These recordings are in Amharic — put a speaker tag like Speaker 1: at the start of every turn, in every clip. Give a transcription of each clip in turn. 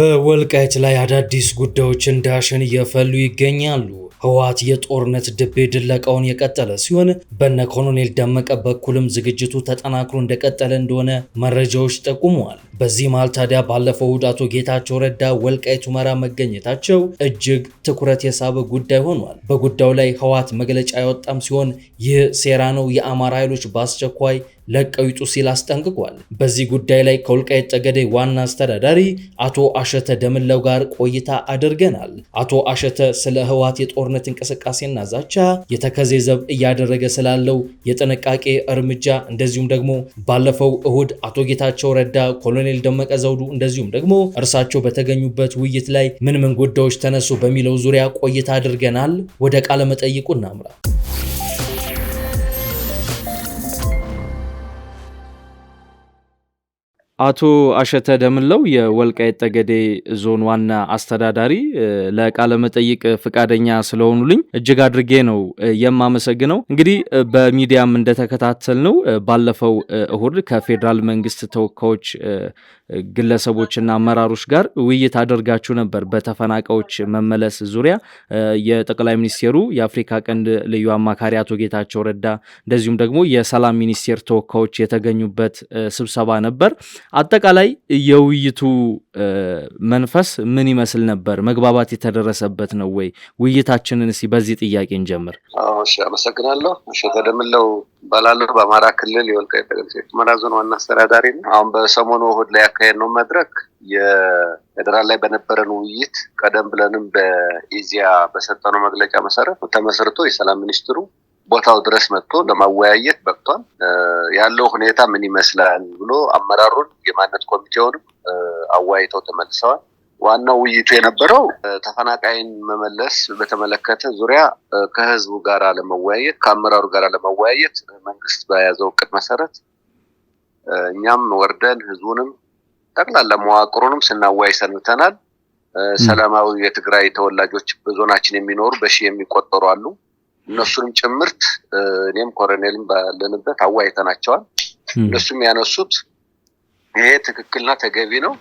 Speaker 1: በወልቃይት ላይ አዳዲስ ጉዳዮች እንደ እየፈሉ ይገኛሉ። ህወሓት የጦርነት ድቤ ድለቃውን የቀጠለ ሲሆን በነ ኮሎኔል ደመቀ በኩልም ዝግጅቱ ተጠናክሮ እንደቀጠለ እንደሆነ መረጃዎች ጠቁመዋል። በዚህ መሃል ታዲያ ባለፈው እሁድ አቶ ጌታቸው ረዳ ወልቃይት ሁመራ መገኘታቸው እጅግ ትኩረት የሳበ ጉዳይ ሆኗል። በጉዳዩ ላይ ህወሓት መግለጫ ያወጣም ሲሆን ይህ ሴራ ነው፣ የአማራ ኃይሎች በአስቸኳይ ለቀው ይጡ ሲል አስጠንቅቋል። በዚህ ጉዳይ ላይ ከወልቃይት ጠገዴ ዋና አስተዳዳሪ አቶ አሸተ ደምለው ጋር ቆይታ አድርገናል። አቶ አሸተ ስለ ህወሓት የጦርነት እንቅስቃሴና ዛቻ፣ የተከዜ ዘብ እያደረገ ስላለው የጥንቃቄ እርምጃ እንደዚሁም ደግሞ ባለፈው እሁድ አቶ ጌታቸው ረዳ፣ ኮሎኔል ደመቀ ዘውዱ እንደዚሁም ደግሞ እርሳቸው በተገኙበት ውይይት ላይ ምን ምን ጉዳዮች ተነሱ በሚለው ዙሪያ ቆይታ አድርገናል። ወደ ቃለ መጠይቁ እናምራ። አቶ አሸተ ደምለው የወልቃይት ጠገዴ ዞን ዋና አስተዳዳሪ ለቃለመጠይቅ ፈቃደኛ ስለሆኑልኝ እጅግ አድርጌ ነው የማመሰግነው። እንግዲህ በሚዲያም እንደተከታተልነው ባለፈው እሁድ ከፌዴራል መንግስት ተወካዮች ግለሰቦችና አመራሮች ጋር ውይይት አድርጋችሁ ነበር። በተፈናቃዮች መመለስ ዙሪያ የጠቅላይ ሚኒስቴሩ የአፍሪካ ቀንድ ልዩ አማካሪ አቶ ጌታቸው ረዳ እንደዚሁም ደግሞ የሰላም ሚኒስቴር ተወካዮች የተገኙበት ስብሰባ ነበር። አጠቃላይ የውይይቱ መንፈስ ምን ይመስል ነበር? መግባባት የተደረሰበት ነው ወይ? ውይይታችንን እስኪ በዚህ ጥያቄ እንጀምር።
Speaker 2: አመሰግናለሁ። እሺ፣ ተደምለው እባላለሁ። በአማራ ክልል የወልቃይት ጠገዴ ሁመራ ዞን ዋና አስተዳዳሪ ነው። አሁን በሰሞኑ እሑድ ላይ ያካሄድ ነው መድረክ የፌደራል ላይ በነበረን ውይይት ቀደም ብለንም በኢዚያ በሰጠነው መግለጫ መሰረት ተመስርቶ የሰላም ሚኒስትሩ ቦታው ድረስ መጥቶ ለማወያየት በቅቷል። ያለው ሁኔታ ምን ይመስላል ብሎ አመራሩን የማንነት ኮሚቴውንም አወያይተው ተመልሰዋል። ዋናው ውይይቱ የነበረው ተፈናቃይን መመለስ በተመለከተ ዙሪያ ከህዝቡ ጋር ለመወያየት ከአመራሩ ጋር ለመወያየት መንግስት በያዘው እቅድ መሰረት እኛም ወርደን ህዝቡንም ጠቅላላ መዋቅሩንም ስናወያይ ሰንብተናል። ሰላማዊ የትግራይ ተወላጆች በዞናችን የሚኖሩ በሺ የሚቆጠሩ አሉ። እነሱንም ጭምርት እኔም ኮሎኔልም ባለንበት አዋይተናቸዋል። እነሱም ያነሱት ይሄ ትክክልና ተገቢ ነው።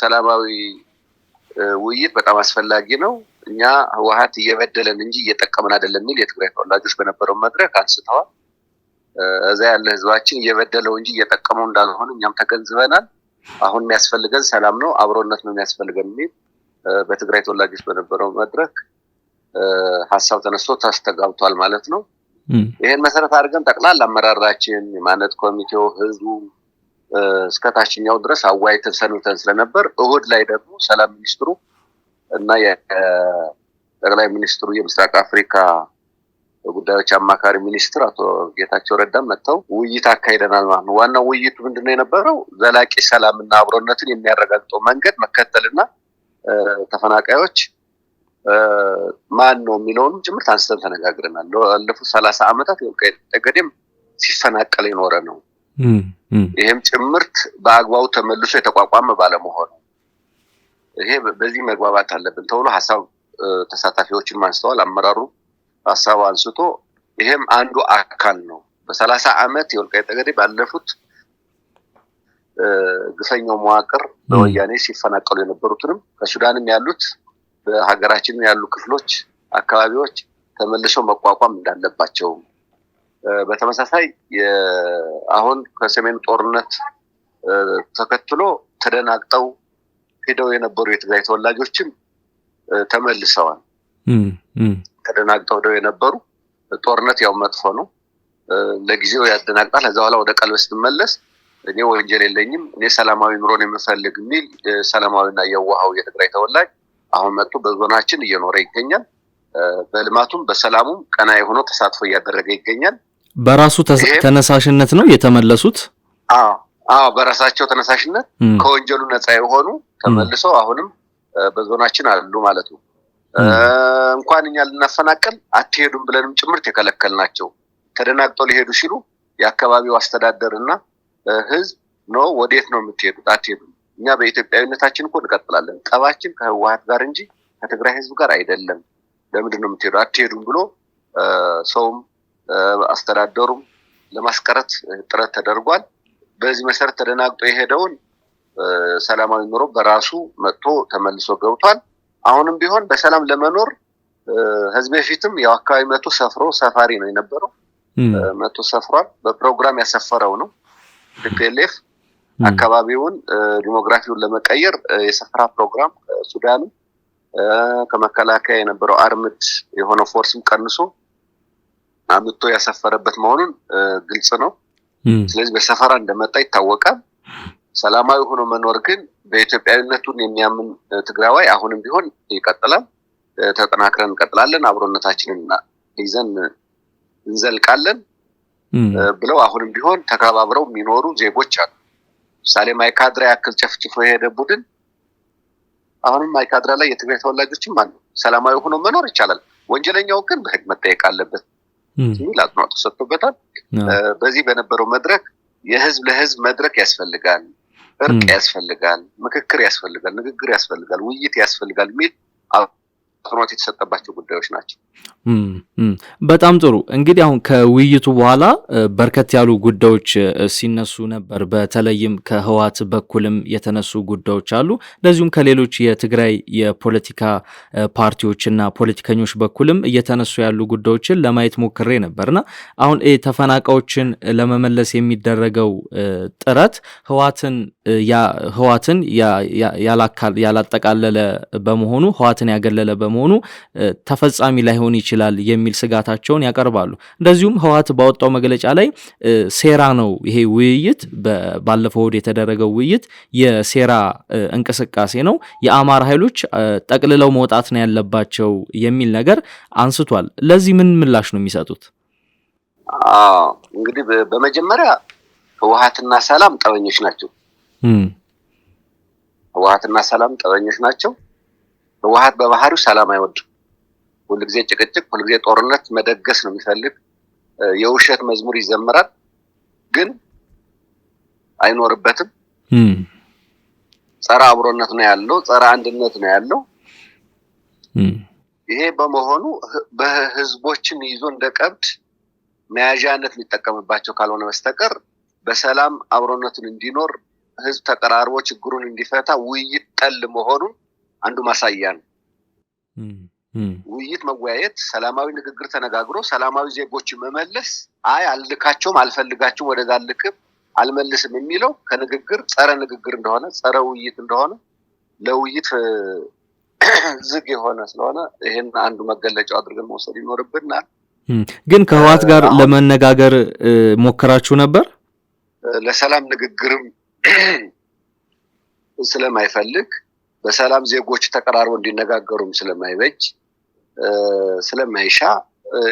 Speaker 2: ሰላማዊ ውይይት በጣም አስፈላጊ ነው። እኛ ህወሀት እየበደለን እንጂ እየጠቀመን አይደለም የሚል የትግራይ ተወላጆች በነበረው መድረክ አንስተዋል። እዛ ያለ ህዝባችን እየበደለው እንጂ እየጠቀመው እንዳልሆነ እኛም ተገንዝበናል። አሁን የሚያስፈልገን ሰላም ነው፣ አብሮነት ነው የሚያስፈልገን የሚል በትግራይ ተወላጆች በነበረው መድረክ ሀሳብ ተነስቶ ተስተጋብቷል ማለት ነው። ይህን መሰረት አድርገን ጠቅላላ አመራራችን፣ የማነት ኮሚቴው፣ ህዝቡ እስከ ታችኛው ድረስ አዋይተን ሰንብተን ስለነበር እሁድ ላይ ደግሞ ሰላም ሚኒስትሩ እና የጠቅላይ ሚኒስትሩ የምስራቅ አፍሪካ ጉዳዮች አማካሪ ሚኒስትር አቶ ጌታቸው ረዳ መጥተው ውይይት አካሂደናል ማለት ነው። ዋናው ውይይቱ ምንድነው የነበረው? ዘላቂ ሰላምና አብሮነትን የሚያረጋግጠው መንገድ መከተልና ተፈናቃዮች ማን ነው የሚለውንም ጭምርት አንስተን ተነጋግረናል። ለፉት ሰላሳ ዓመታት የወልቃይት ጠገዴም ሲፈናቀል የኖረ ነው። ይህም ጭምርት በአግባቡ ተመልሶ የተቋቋመ ባለመሆኑ ይሄ በዚህ መግባባት አለብን ተብሎ ሀሳብ ተሳታፊዎችን አንስተዋል። አመራሩ ሀሳቡ አንስቶ ይሄም አንዱ አካል ነው። በሰላሳ ዓመት የወልቃይት ጠገዴ ባለፉት ግፈኛው መዋቅር በወያኔ ሲፈናቀሉ የነበሩትንም ከሱዳንም ያሉት በሀገራችን ያሉ ክፍሎች፣ አካባቢዎች ተመልሶ መቋቋም እንዳለባቸው በተመሳሳይ አሁን ከሰሜኑ ጦርነት ተከትሎ ተደናግጠው ሄደው የነበሩ የትግራይ ተወላጆችም ተመልሰዋል። ተደናግጠው ሄደው የነበሩ ጦርነት ያው መጥፎ ነው፣ ለጊዜው ያደናግጣል። ከዛ በኋላ ወደ ቀልበ ስትመለስ እኔ ወንጀል የለኝም እኔ ሰላማዊ ኑሮን የምፈልግ የሚል ሰላማዊና የዋሃው የትግራይ ተወላጅ አሁን መጥቶ በዞናችን እየኖረ ይገኛል። በልማቱም በሰላሙም ቀና የሆነ ተሳትፎ እያደረገ ይገኛል።
Speaker 1: በራሱ ተነሳሽነት ነው የተመለሱት።
Speaker 2: አዎ በራሳቸው ተነሳሽነት ከወንጀሉ ነፃ የሆኑ ተመልሰው አሁንም በዞናችን አሉ ማለት ነው። እንኳን እኛ ልናፈናቀል አትሄዱም ብለንም ጭምርት ናቸው ተደናግጠው ሊሄዱ ሲሉ የአካባቢው አስተዳደር እና ህዝብ ነው ወዴት ነው የምትሄዱት? አትሄዱም እኛ በኢትዮጵያዊነታችን እኮ እንቀጥላለን። ጠባችን ከህወሀት ጋር እንጂ ከትግራይ ህዝብ ጋር አይደለም። ለምንድን ነው የምትሄዱ? አትሄዱም ብሎ ሰውም አስተዳደሩም ለማስቀረት ጥረት ተደርጓል። በዚህ መሰረት ተደናግጦ የሄደውን ሰላማዊ ኑሮ በራሱ መጥቶ ተመልሶ ገብቷል። አሁንም ቢሆን በሰላም ለመኖር ህዝብ በፊትም ያው አካባቢ መቶ ሰፍሮ ሰፋሪ ነው የነበረው መቶ ሰፍሯል። በፕሮግራም ያሰፈረው ነው ፒፒኤልኤፍ አካባቢውን ዲሞግራፊውን ለመቀየር የሰፈራ ፕሮግራም ሱዳንም ከመከላከያ የነበረው አርምድ የሆነ ፎርስም ቀንሶ አምቶ ያሰፈረበት መሆኑን ግልጽ ነው። ስለዚህ በሰፈራ እንደመጣ ይታወቃል። ሰላማዊ ሆኖ መኖር ግን በኢትዮጵያዊነቱን የሚያምን ትግራዋይ አሁንም ቢሆን ይቀጥላል። ተጠናክረን እንቀጥላለን፣ አብሮነታችንን ይዘን እንዘልቃለን ብለው አሁንም ቢሆን ተከባብረው የሚኖሩ ዜጎች አሉ። ለምሳሌ ማይካድራ ያክል ጨፍጭፎ የሄደ ቡድን አሁንም ማይካድራ ላይ የትግራይ ተወላጆችም አሉ። ሰላማዊ ሆኖ መኖር ይቻላል። ወንጀለኛው ግን በህግ መጠየቅ አለበት የሚል አጽንኦት ተሰጥቶበታል። በዚህ በነበረው መድረክ የህዝብ ለህዝብ መድረክ ያስፈልጋል፣ እርቅ ያስፈልጋል፣ ምክክር ያስፈልጋል፣ ንግግር ያስፈልጋል፣ ውይይት ያስፈልጋል የሚል አጽንኦት የተሰጠባቸው ጉዳዮች ናቸው።
Speaker 1: በጣም ጥሩ። እንግዲህ አሁን ከውይይቱ በኋላ በርከት ያሉ ጉዳዮች ሲነሱ ነበር። በተለይም ከህወሓት በኩልም የተነሱ ጉዳዮች አሉ። እንደዚሁም ከሌሎች የትግራይ የፖለቲካ ፓርቲዎችና ፖለቲከኞች በኩልም እየተነሱ ያሉ ጉዳዮችን ለማየት ሞክሬ ነበርና አሁን ተፈናቃዮችን ለመመለስ የሚደረገው ጥረት ህወሓትን ህዋትን ያላጠቃለለ በመሆኑ ህዋትን ያገለለ በመሆኑ ተፈጻሚ ላይሆን ይችላል የሚል ስጋታቸውን ያቀርባሉ። እንደዚሁም ህዋት ባወጣው መግለጫ ላይ ሴራ ነው ይሄ ውይይት ባለፈው እሁድ የተደረገው ውይይት የሴራ እንቅስቃሴ ነው፣ የአማራ ኃይሎች ጠቅልለው መውጣት ነው ያለባቸው የሚል ነገር አንስቷል። ለዚህ ምን ምላሽ ነው የሚሰጡት?
Speaker 2: እንግዲህ በመጀመሪያ ህወሀትና ሰላም ጠበኞች ናቸው። ህወሀትና ሰላም ጠበኞች ናቸው። ህወሀት በባህሪው ሰላም አይወድም። ሁልጊዜ ጭቅጭቅ፣ ሁልጊዜ ጦርነት መደገስ ነው የሚፈልግ። የውሸት መዝሙር ይዘምራል፣ ግን አይኖርበትም። ጸረ አብሮነት ነው ያለው፣ ጸረ አንድነት ነው ያለው። ይሄ በመሆኑ በህዝቦችን ይዞ እንደ ቀብድ መያዣነት ሊጠቀምባቸው ካልሆነ በስተቀር በሰላም አብሮነቱን እንዲኖር ህዝብ ተቀራርቦ ችግሩን እንዲፈታ ውይይት ጠል መሆኑን አንዱ ማሳያ ነው። ውይይት፣ መወያየት፣ ሰላማዊ ንግግር ተነጋግሮ ሰላማዊ ዜጎችን መመለስ አይ አልልካቸውም፣ አልፈልጋቸውም፣ ወደዛ አልልክም፣ አልመልስም የሚለው ከንግግር ጸረ ንግግር እንደሆነ ጸረ ውይይት እንደሆነ ለውይይት ዝግ የሆነ ስለሆነ ይህን አንዱ መገለጫው አድርገን መውሰድ ይኖርብናል።
Speaker 1: ግን ከህዋት ጋር ለመነጋገር ሞከራችሁ ነበር?
Speaker 2: ለሰላም ንግግርም ስለማይፈልግ በሰላም ዜጎች ተቀራርበው እንዲነጋገሩም ስለማይበጅ ስለማይሻ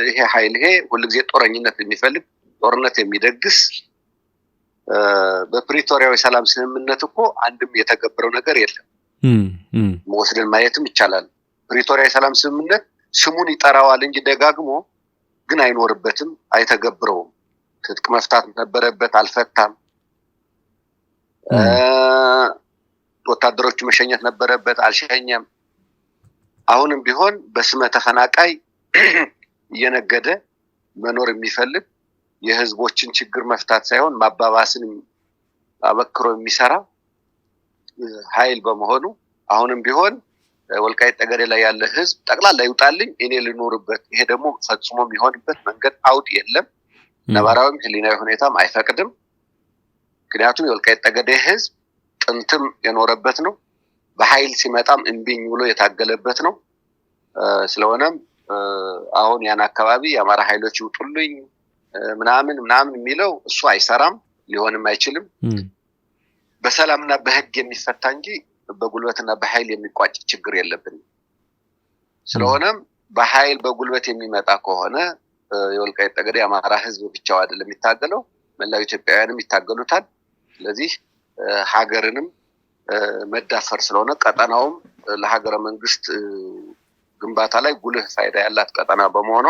Speaker 2: ይሄ ኃይል ይሄ ሁልጊዜ ጦረኝነት የሚፈልግ ጦርነት የሚደግስ በፕሪቶሪያዊ ሰላም ስምምነት እኮ አንድም የተገበረው ነገር የለም። መወስደን ማየትም ይቻላል። ፕሪቶሪያዊ ሰላም ስምምነት ስሙን ይጠራዋል እንጂ ደጋግሞ ግን አይኖርበትም፣ አይተገብረውም። ትጥቅ መፍታት ነበረበት፣ አልፈታም። ወታደሮች መሸኘት ነበረበት፣ አልሸኘም። አሁንም ቢሆን በስመ ተፈናቃይ እየነገደ መኖር የሚፈልግ የህዝቦችን ችግር መፍታት ሳይሆን ማባባስን አበክሮ የሚሰራ ኃይል በመሆኑ አሁንም ቢሆን ወልቃይት ጠገዴ ላይ ያለ ህዝብ ጠቅላላ ይውጣልኝ፣ እኔ ልኖርበት። ይሄ ደግሞ ፈጽሞ የሚሆንበት መንገድ አውድ የለም። ነባራዊም ህሊናዊ ሁኔታም አይፈቅድም። ምክንያቱም የወልቃይት ጠገዴ ህዝብ ጥንትም የኖረበት ነው። በኃይል ሲመጣም እምቢኝ ብሎ የታገለበት ነው። ስለሆነም አሁን ያን አካባቢ የአማራ ኃይሎች ይውጡልኝ ምናምን ምናምን የሚለው እሱ አይሰራም፣ ሊሆንም አይችልም። በሰላምና በህግ የሚፈታ እንጂ በጉልበትና በኃይል የሚቋጭ ችግር የለብንም። ስለሆነም በኃይል በጉልበት የሚመጣ ከሆነ የወልቃይት ጠገዴ የአማራ ህዝብ ብቻው አይደለም የሚታገለው፣ መላው ኢትዮጵያውያንም ይታገሉታል። ስለዚህ ሀገርንም መዳፈር ስለሆነ ቀጠናውም ለሀገረ መንግስት ግንባታ ላይ ጉልህ ፋይዳ ያላት ቀጠና በመሆኗ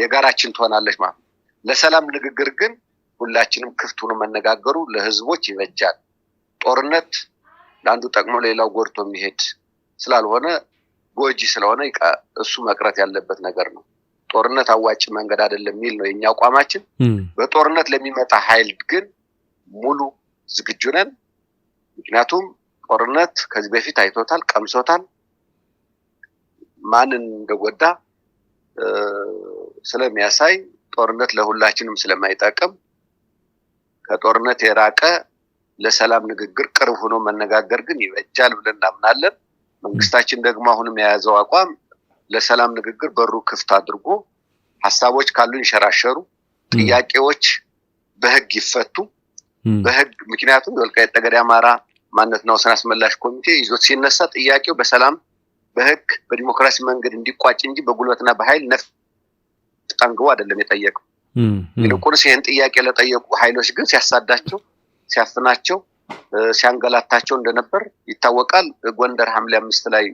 Speaker 2: የጋራችን ትሆናለች ማለት ነው። ለሰላም ንግግር ግን ሁላችንም ክፍት ሆኖ መነጋገሩ ለህዝቦች ይበጃል። ጦርነት ለአንዱ ጠቅሞ ሌላው ጎድቶ የሚሄድ ስላልሆነ ጎጂ ስለሆነ እሱ መቅረት ያለበት ነገር ነው። ጦርነት አዋጭ መንገድ አይደለም የሚል ነው የኛ አቋማችን። በጦርነት ለሚመጣ ኃይል ግን ሙሉ ዝግጁ ነን። ምክንያቱም ጦርነት ከዚህ በፊት አይቶታል፣ ቀምሶታል፣ ማንን እንደጎዳ ስለሚያሳይ ጦርነት ለሁላችንም ስለማይጠቅም ከጦርነት የራቀ ለሰላም ንግግር ቅርብ ሆኖ መነጋገር ግን ይበጃል ብለን እናምናለን። መንግስታችን ደግሞ አሁንም የያዘው አቋም ለሰላም ንግግር በሩ ክፍት አድርጎ ሀሳቦች ካሉ ይንሸራሸሩ፣ ጥያቄዎች በህግ ይፈቱ። በህግ ምክንያቱም የወልቃይት ጠገዴ አማራ ማንነትና ወሰን አስመላሽ ኮሚቴ ይዞት ሲነሳ ጥያቄው በሰላም በህግ በዲሞክራሲ መንገድ እንዲቋጭ እንጂ በጉልበትና በሀይል ነፍ ጠንግቦ አይደለም የጠየቀው። ይልቁንስ ይህን ጥያቄ ለጠየቁ ሀይሎች ግን ሲያሳዳቸው፣ ሲያፍናቸው፣ ሲያንገላታቸው እንደነበር ይታወቃል። ጎንደር ሀምሌ አምስት ላይ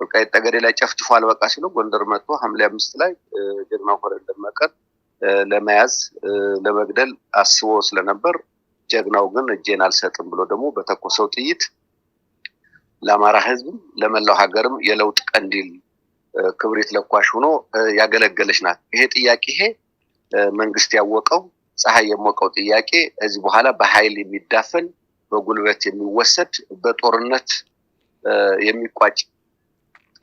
Speaker 2: ወልቃይት ጠገዴ ላይ ጨፍጭፎ አልበቃ ሲሉ ጎንደር መጥቶ ሀምሌ አምስት ላይ ጀግናው ኮረ ደመቀ ለመያዝ ለመግደል አስቦ ስለነበር ጀግናው ግን እጄን አልሰጥም ብሎ ደግሞ በተኮሰው ጥይት ለአማራ ህዝብም ለመላው ሀገርም የለውጥ ቀንዲል ክብሪት ለኳሽ ሆኖ ያገለገለች ናት። ይሄ ጥያቄ ይሄ መንግስት ያወቀው ፀሐይ የሞቀው ጥያቄ እዚህ በኋላ በኃይል የሚዳፈን በጉልበት የሚወሰድ በጦርነት የሚቋጭ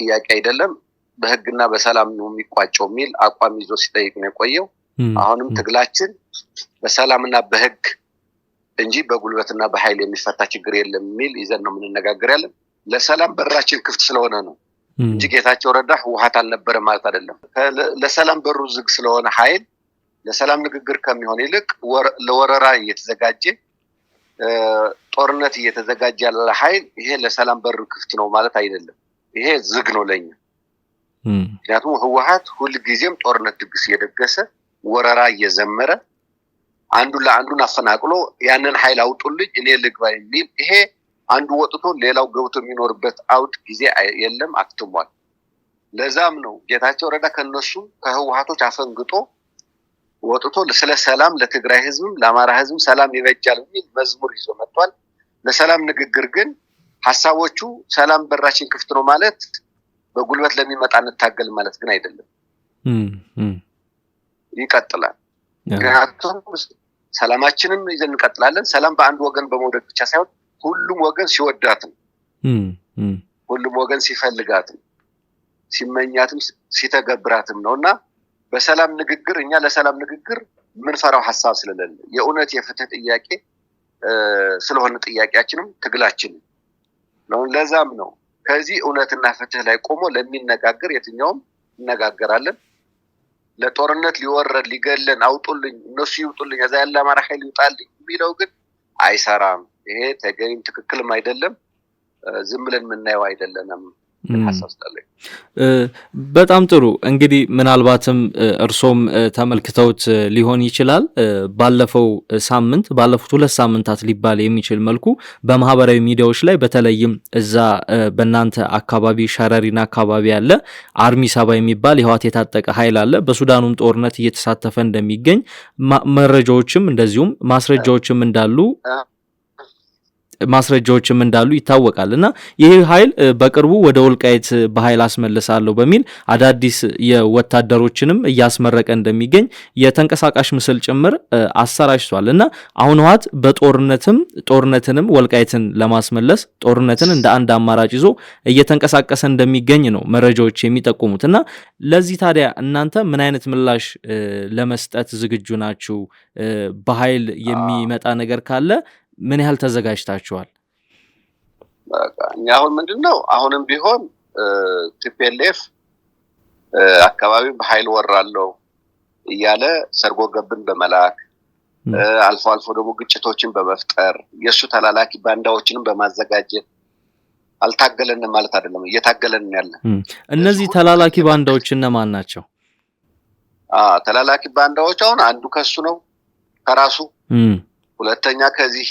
Speaker 2: ጥያቄ አይደለም። በህግና በሰላም ነው የሚቋጨው የሚል አቋም ይዞ ሲጠይቅ ነው የቆየው። አሁንም ትግላችን በሰላምና በህግ እንጂ በጉልበትና በኃይል የሚፈታ ችግር የለም የሚል ይዘን ነው የምንነጋገር ያለን። ለሰላም በራችን ክፍት ስለሆነ ነው እንጂ ጌታቸው ረዳ ህወሓት አልነበረ ማለት አይደለም። ለሰላም በሩ ዝግ ስለሆነ ኃይል ለሰላም ንግግር ከሚሆን ይልቅ ለወረራ እየተዘጋጀ ጦርነት እየተዘጋጀ ያለ ኃይል ይሄ ለሰላም በር ክፍት ነው ማለት አይደለም። ይሄ ዝግ ነው ለኛ። ምክንያቱም ህወሀት ሁልጊዜም ጦርነት ድግስ እየደገሰ ወረራ እየዘመረ አንዱን ለአንዱን አፈናቅሎ ያንን ኃይል አውጡልኝ እኔ ልግባ የሚል ይሄ አንዱ ወጥቶ ሌላው ገብቶ የሚኖርበት አውድ ጊዜ የለም፣ አክትሟል። ለዛም ነው ጌታቸው ረዳ ከነሱ ከህወሀቶች አፈንግጦ ወጥቶ ስለ ሰላም ለትግራይ ህዝብም ለአማራ ህዝብም ሰላም ይበጃል የሚል መዝሙር ይዞ መጥቷል። ለሰላም ንግግር ግን ሀሳቦቹ ሰላም በራችን ክፍት ነው ማለት በጉልበት ለሚመጣ እንታገል ማለት ግን አይደለም። ይቀጥላል። ምክንያቱም ሰላማችንን ይዘን እንቀጥላለን። ሰላም በአንድ ወገን በመውደድ ብቻ ሳይሆን ሁሉም ወገን ሲወዳትም ሁሉም ወገን ሲፈልጋትም ሲመኛትም ሲተገብራትም ነው እና በሰላም ንግግር እኛ ለሰላም ንግግር የምንፈራው ሀሳብ ስለሌለ የእውነት የፍትህ ጥያቄ ስለሆነ ጥያቄያችንም ትግላችን ነው። ለዛም ነው ከዚህ እውነትና ፍትህ ላይ ቆሞ ለሚነጋገር የትኛውም እነጋገራለን ለጦርነት ሊወረድ ሊገለን አውጡልኝ፣ እነሱ ይውጡልኝ፣ እዛ ያለ አማራ ኃይል ይውጣልኝ የሚለው ግን አይሰራም። ይሄ ተገቢም ትክክልም አይደለም። ዝም ብለን የምናየው አይደለንም።
Speaker 1: በጣም ጥሩ እንግዲህ ምናልባትም እርሶም ተመልክተውት ሊሆን ይችላል። ባለፈው ሳምንት ባለፉት ሁለት ሳምንታት ሊባል የሚችል መልኩ በማህበራዊ ሚዲያዎች ላይ በተለይም እዛ በእናንተ አካባቢ ሸረሪና አካባቢ ያለ አርሚ ሰባ የሚባል የህዋት የታጠቀ ኃይል አለ በሱዳኑም ጦርነት እየተሳተፈ እንደሚገኝ መረጃዎችም እንደዚሁም ማስረጃዎችም እንዳሉ ማስረጃዎችም እንዳሉ ይታወቃል እና ይህ ኃይል በቅርቡ ወደ ወልቃይት በኃይል አስመልሳለሁ በሚል አዳዲስ የወታደሮችንም እያስመረቀ እንደሚገኝ የተንቀሳቃሽ ምስል ጭምር አሰራጭቷል እና አሁን ህወሓት በጦርነትም ጦርነትንም ወልቃይትን ለማስመለስ ጦርነትን እንደ አንድ አማራጭ ይዞ እየተንቀሳቀሰ እንደሚገኝ ነው መረጃዎች የሚጠቁሙት እና ለዚህ ታዲያ እናንተ ምን አይነት ምላሽ ለመስጠት ዝግጁ ናችሁ? በኃይል የሚመጣ ነገር ካለ ምን ያህል ተዘጋጅታችኋል?
Speaker 2: እኛ አሁን ምንድን ነው አሁንም ቢሆን ቲፒኤልኤፍ አካባቢ በኃይል ወራለው እያለ ሰርጎ ገብን በመላክ አልፎ አልፎ ደግሞ ግጭቶችን በመፍጠር የእሱ ተላላኪ ባንዳዎችንም በማዘጋጀት አልታገለንም ማለት አይደለም፣ እየታገለን ያለን።
Speaker 1: እነዚህ ተላላኪ ባንዳዎች እነማን ናቸው?
Speaker 2: ተላላኪ ባንዳዎች አሁን አንዱ ከሱ ነው ከራሱ ሁለተኛ ከዚህ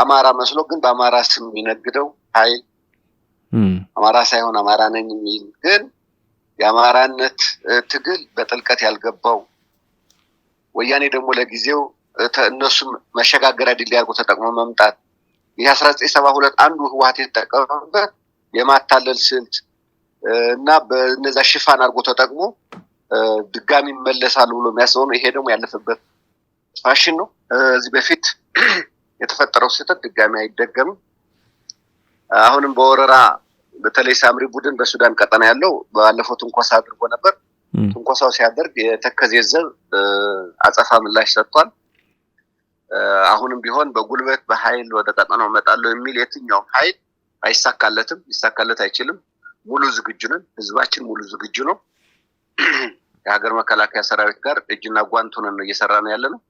Speaker 2: አማራ መስሎ ግን በአማራ ስም የሚነግደው ኃይል አማራ ሳይሆን አማራ ነኝ የሚል ግን የአማራነት ትግል በጥልቀት ያልገባው ወያኔ ደግሞ ለጊዜው እነሱም መሸጋገሪያ ድል ያርጎ ተጠቅሞ መምጣት ይህ አስራ ዘጠኝ ሰባ ሁለት አንዱ ህወሀት የተጠቀመበት የማታለል ስልት እና በነዛ ሽፋን አድርጎ ተጠቅሞ ድጋሚ ይመለሳሉ ብሎ የሚያስበው ነው። ይሄ ደግሞ ያለፈበት ፋሽን ነው። እዚህ በፊት የተፈጠረው ስህተት ድጋሚ አይደገምም። አሁንም በወረራ በተለይ ሳምሪ ቡድን በሱዳን ቀጠና ያለው ባለፈው ትንኮሳ አድርጎ ነበር። ትንኮሳው ሲያደርግ የተከዜ ዘብ አጸፋ ምላሽ ሰጥቷል። አሁንም ቢሆን በጉልበት በኃይል ወደ ቀጠናው መጣለው የሚል የትኛውም ኃይል አይሳካለትም፣ ሊሳካለት አይችልም። ሙሉ ዝግጁ ነን። ህዝባችን ሙሉ ዝግጁ ነው። የሀገር መከላከያ ሰራዊት ጋር እጅና ጓንት ነው እየሰራ ነው ያለ ነው።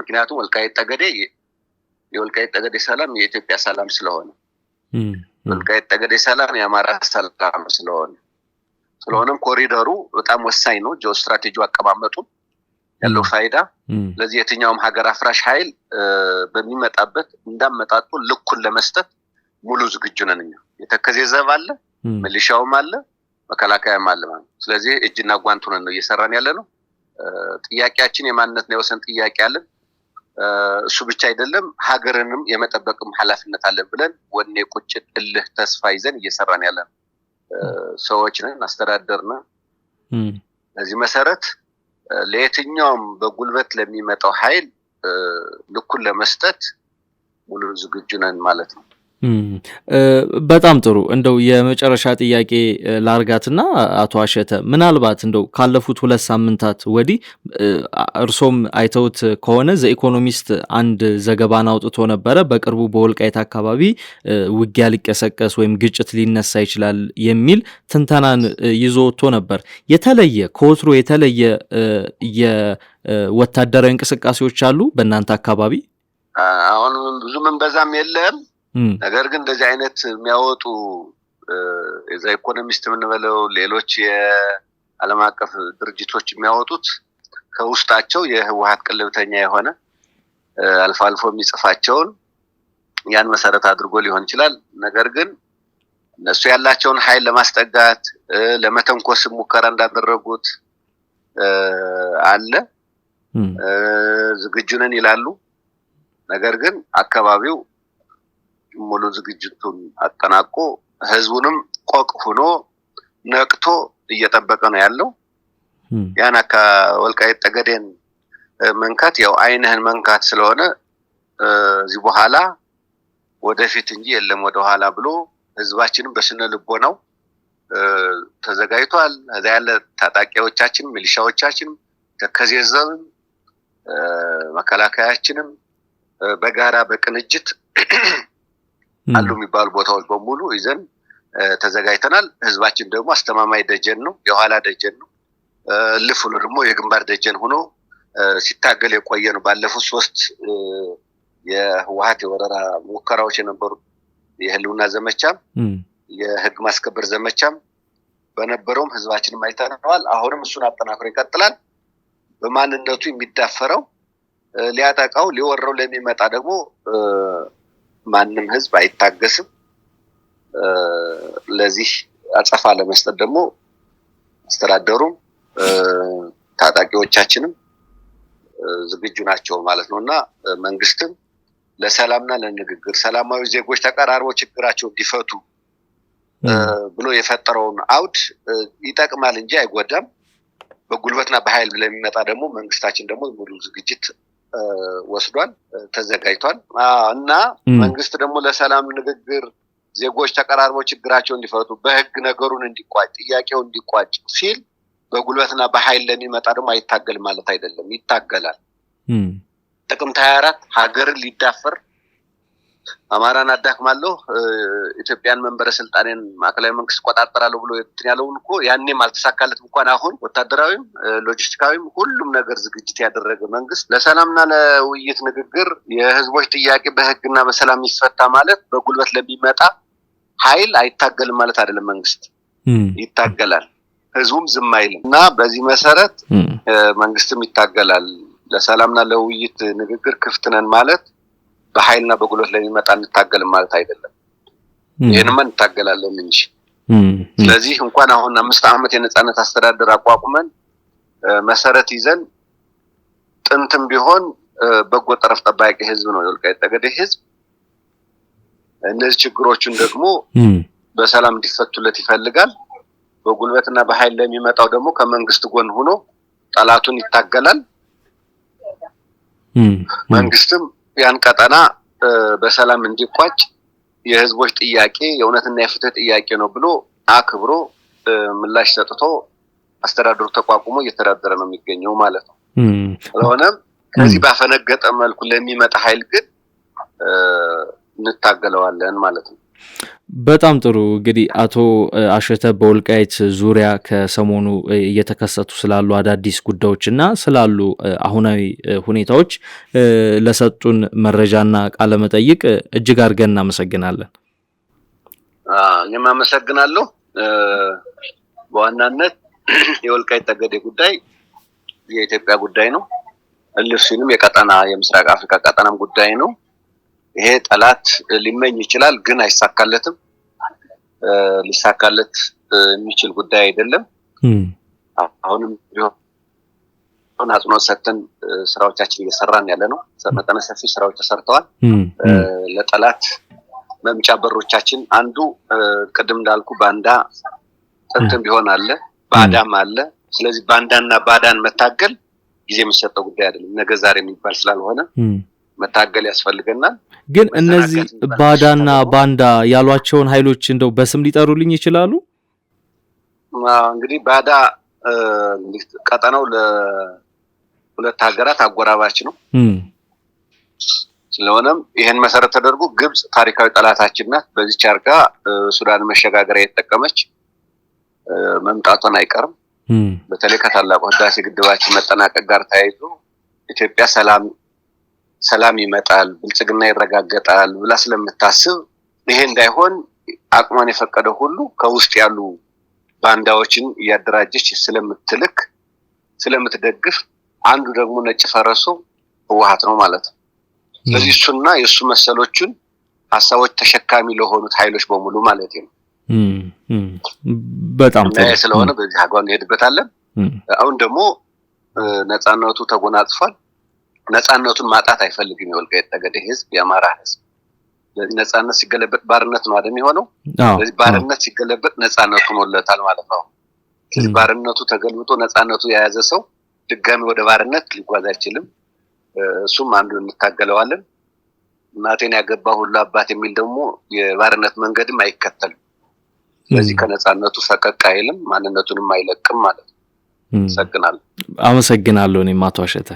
Speaker 2: ምክንያቱም ወልቃይት ጠገዴ የወልቃይት ጠገዴ ሰላም የኢትዮጵያ ሰላም ስለሆነ ወልቃይት ጠገዴ ሰላም የአማራ ሰላም ስለሆነ ስለሆነም ኮሪደሩ በጣም ወሳኝ ነው። ጆ ስትራቴጂ አቀማመጡ ያለው ፋይዳ ለዚህ የትኛውም ሀገር አፍራሽ ኃይል በሚመጣበት እንዳመጣጡ ልኩን ለመስጠት ሙሉ ዝግጁ ነን እኛ። የተከዜ ዘብ አለ፣ ምልሻውም አለ፣ መከላከያም አለ ማለት ስለዚህ እጅና ጓንት ነው እየሰራን ያለ ነው። ጥያቄያችን የማንነትና የወሰን ጥያቄ አለን። እሱ ብቻ አይደለም፣ ሀገርንም የመጠበቅም ኃላፊነት አለን ብለን ወኔ፣ ቁጭት፣ እልህ፣ ተስፋ ይዘን እየሰራን ያለን ሰዎች ነን፣ አስተዳደር ነን። በዚህ መሰረት ለየትኛውም በጉልበት ለሚመጣው ኃይል ልኩን ለመስጠት ሙሉ ዝግጁ ነን ማለት ነው።
Speaker 1: በጣም ጥሩ እንደው የመጨረሻ ጥያቄ ላርጋትና አቶ አሸተ ምናልባት እንደው ካለፉት ሁለት ሳምንታት ወዲህ እርሶም አይተውት ከሆነ ዘኢኮኖሚስት አንድ ዘገባን አውጥቶ ነበረ። በቅርቡ በወልቃይት አካባቢ ውጊያ ሊቀሰቀስ ወይም ግጭት ሊነሳ ይችላል የሚል ትንተናን ይዞ ወጥቶ ነበር። የተለየ ከወትሮ የተለየ የወታደራዊ እንቅስቃሴዎች አሉ በእናንተ አካባቢ?
Speaker 2: አሁን ብዙ ምንበዛም በዛም የለም ነገር ግን እንደዚህ አይነት የሚያወጡ የዛ ኢኮኖሚስት የምንበለው ሌሎች የአለም አቀፍ ድርጅቶች የሚያወጡት ከውስጣቸው የህወሀት ቅልብተኛ የሆነ አልፎ አልፎ የሚጽፋቸውን ያን መሰረት አድርጎ ሊሆን ይችላል። ነገር ግን እነሱ ያላቸውን ኃይል ለማስጠጋት ለመተንኮስ ሙከራ እንዳደረጉት አለ። ዝግጁ ነን ይላሉ። ነገር ግን አካባቢው ሙሉ ዝግጅቱን አጠናቆ ህዝቡንም ቆቅ ሆኖ ነቅቶ እየጠበቀ ነው ያለው። ያን አካ ጠገዴን መንካት ያው አይንህን መንካት ስለሆነ እዚህ በኋላ ወደፊት እንጂ የለም ወደኋላ ብሎ ህዝባችንም በስነ ልቦናው ተዘጋጅቷል። እዛ ያለ ታጣቂዎቻችን፣ ሚሊሻዎቻችን ተከዜዘብም መከላከያችንም በጋራ በቅንጅት አሉ የሚባሉ ቦታዎች በሙሉ ይዘን ተዘጋጅተናል። ህዝባችን ደግሞ አስተማማኝ ደጀን ነው፣ የኋላ ደጀን ነው። ልፍ ብሎ ደግሞ የግንባር ደጀን ሆኖ ሲታገል የቆየ ነው። ባለፉት ሶስት የህወሀት የወረራ ሙከራዎች የነበሩ የህልውና ዘመቻም የህግ ማስከበር ዘመቻም በነበረውም ህዝባችን አይተነዋል። አሁንም እሱን አጠናክሮ ይቀጥላል። በማንነቱ የሚዳፈረው ሊያጠቃው ሊወረው ለሚመጣ ደግሞ ማንም ህዝብ አይታገስም። ለዚህ አጸፋ ለመስጠት ደግሞ አስተዳደሩም ታጣቂዎቻችንም ዝግጁ ናቸው ማለት ነው እና መንግስትም ለሰላምና ለንግግር ሰላማዊ ዜጎች ተቀራርቦ ችግራቸው እንዲፈቱ ብሎ የፈጠረውን አውድ ይጠቅማል እንጂ አይጎዳም። በጉልበትና በኃይል ለሚመጣ ደግሞ መንግስታችን ደግሞ ሙሉ ዝግጅት ወስዷል፣ ተዘጋጅቷል እና መንግስት ደግሞ ለሰላም ንግግር ዜጎች ተቀራርበው ችግራቸው እንዲፈቱ በህግ ነገሩን እንዲቋጭ ጥያቄው እንዲቋጭ ሲል በጉልበትና በኃይል ለሚመጣ ደግሞ አይታገል ማለት አይደለም፣ ይታገላል። ጥቅምት ሀያ አራት ሀገርን ሊዳፈር አማራን አዳክማለሁ፣ ኢትዮጵያን መንበረ ስልጣኔን ማዕከላዊ መንግስት እቆጣጠራለሁ ብሎ የትን ያለውን እኮ ያኔም አልተሳካለትም። እንኳን አሁን ወታደራዊም ሎጂስቲካዊም ሁሉም ነገር ዝግጅት ያደረገ መንግስት ለሰላምና ለውይይት ንግግር የህዝቦች ጥያቄ በህግና በሰላም ይፈታ ማለት በጉልበት ለሚመጣ ኃይል አይታገልም ማለት አይደለም። መንግስት ይታገላል፣ ህዝቡም ዝም አይልም እና በዚህ መሰረት መንግስትም ይታገላል። ለሰላምና ለውይይት ንግግር ክፍትነን ማለት በኃይልና በጉልበት ለሚመጣ እንታገልም ማለት አይደለም። ይህንማ እንታገላለን እንጂ። ስለዚህ እንኳን አሁን አምስት ዓመት የነጻነት አስተዳደር አቋቁመን መሰረት ይዘን ጥንትም ቢሆን በጎ ጠረፍ ጠባቂ ህዝብ ነው የወልቃይት ጠገዴ ህዝብ። እነዚህ ችግሮቹን ደግሞ በሰላም እንዲፈቱለት ይፈልጋል። በጉልበትና በኃይል ለሚመጣው ደግሞ ከመንግስት ጎን ሆኖ ጠላቱን ይታገላል። መንግስትም የኢትዮጵያን ቀጠና በሰላም እንዲቋጭ የህዝቦች ጥያቄ የእውነትና የፍትህ ጥያቄ ነው ብሎ አክብሮ ምላሽ ሰጥቶ አስተዳደሩ ተቋቁሞ እየተዳደረ ነው የሚገኘው ማለት ነው። ስለሆነም ከዚህ ባፈነገጠ መልኩ ለሚመጣ ኃይል ግን እንታገለዋለን ማለት ነው።
Speaker 1: በጣም ጥሩ እንግዲህ አቶ አሸተ በወልቃይት ዙሪያ ከሰሞኑ እየተከሰቱ ስላሉ አዳዲስ ጉዳዮች እና ስላሉ አሁናዊ ሁኔታዎች ለሰጡን መረጃና ቃለ መጠይቅ እጅግ አድርገን እናመሰግናለን።
Speaker 2: እኔም አመሰግናለሁ። በዋናነት የወልቃይት ጠገዴ ጉዳይ የኢትዮጵያ ጉዳይ ነው። እልሱንም የቀጠና የምስራቅ አፍሪካ ቀጠናም ጉዳይ ነው። ይሄ ጠላት ሊመኝ ይችላል፣ ግን አይሳካለትም። ሊሳካለት የሚችል ጉዳይ አይደለም። አሁንም ቢሆን አጽንኦት ሰጥተን ስራዎቻችን እየሰራን ያለ ነው። መጠነ ሰፊ ስራዎች ተሰርተዋል። ለጠላት መምጫ በሮቻችን አንዱ ቅድም እንዳልኩ ባንዳ ጥንትም ቢሆን አለ፣ ባዳም አለ። ስለዚህ ባንዳና ባዳን መታገል ጊዜ የሚሰጠው ጉዳይ አይደለም፣ ነገ ዛሬ የሚባል ስላልሆነ መታገል ያስፈልገናል።
Speaker 1: ግን እነዚህ ባዳና ባንዳ ያሏቸውን ኃይሎች እንደው በስም ሊጠሩልኝ ይችላሉ?
Speaker 2: እንግዲህ ባዳ ቀጠናው ለሁለት ሀገራት አጎራባች ነው። ስለሆነም ይህን መሰረት ተደርጎ ግብጽ ታሪካዊ ጠላታችን ናት። በዚች አርጋ ሱዳን መሸጋገሪያ የተጠቀመች መምጣቷን አይቀርም። በተለይ ከታላቁ ህዳሴ ግድባችን መጠናቀቅ ጋር ተያይዞ ኢትዮጵያ ሰላም ሰላም ይመጣል፣ ብልጽግና ይረጋገጣል ብላ ስለምታስብ ይሄ እንዳይሆን አቅሟን የፈቀደ ሁሉ ከውስጥ ያሉ ባንዳዎችን እያደራጀች ስለምትልክ ስለምትደግፍ አንዱ ደግሞ ነጭ ፈረሱ ህወሀት ነው ማለት ነው። ስለዚህ እሱና የእሱ መሰሎቹን ሀሳቦች ተሸካሚ ለሆኑት ኃይሎች በሙሉ ማለት ነው። በጣም ስለሆነ በዚህ አግባብ እንሄድበታለን። አሁን ደግሞ ነፃነቱ ተጎናጽፏል። ነፃነቱን ማጣት አይፈልግም። የወልቃይት ጠገዴ ህዝብ፣ የአማራ ህዝብ ነፃነት ሲገለበጥ ባርነት ነው አደም የሆነው ስለዚህ ባርነት ሲገለበጥ ነፃነቱ ሞለታል ማለት ነው። ስለዚህ ባርነቱ ተገልብጦ ነፃነቱ የያዘ ሰው ድጋሚ ወደ ባርነት ሊጓዝ አይችልም። እሱም አንዱ እንታገለዋለን። እናቴን ያገባ ሁሉ አባት የሚል ደግሞ የባርነት መንገድም አይከተልም። ስለዚህ ከነፃነቱ ፈቀቅ አይልም፣ ማንነቱንም አይለቅም ማለት ነው። አመሰግናለሁ።
Speaker 1: አመሰግናለሁ። እኔም አቶ አሸተ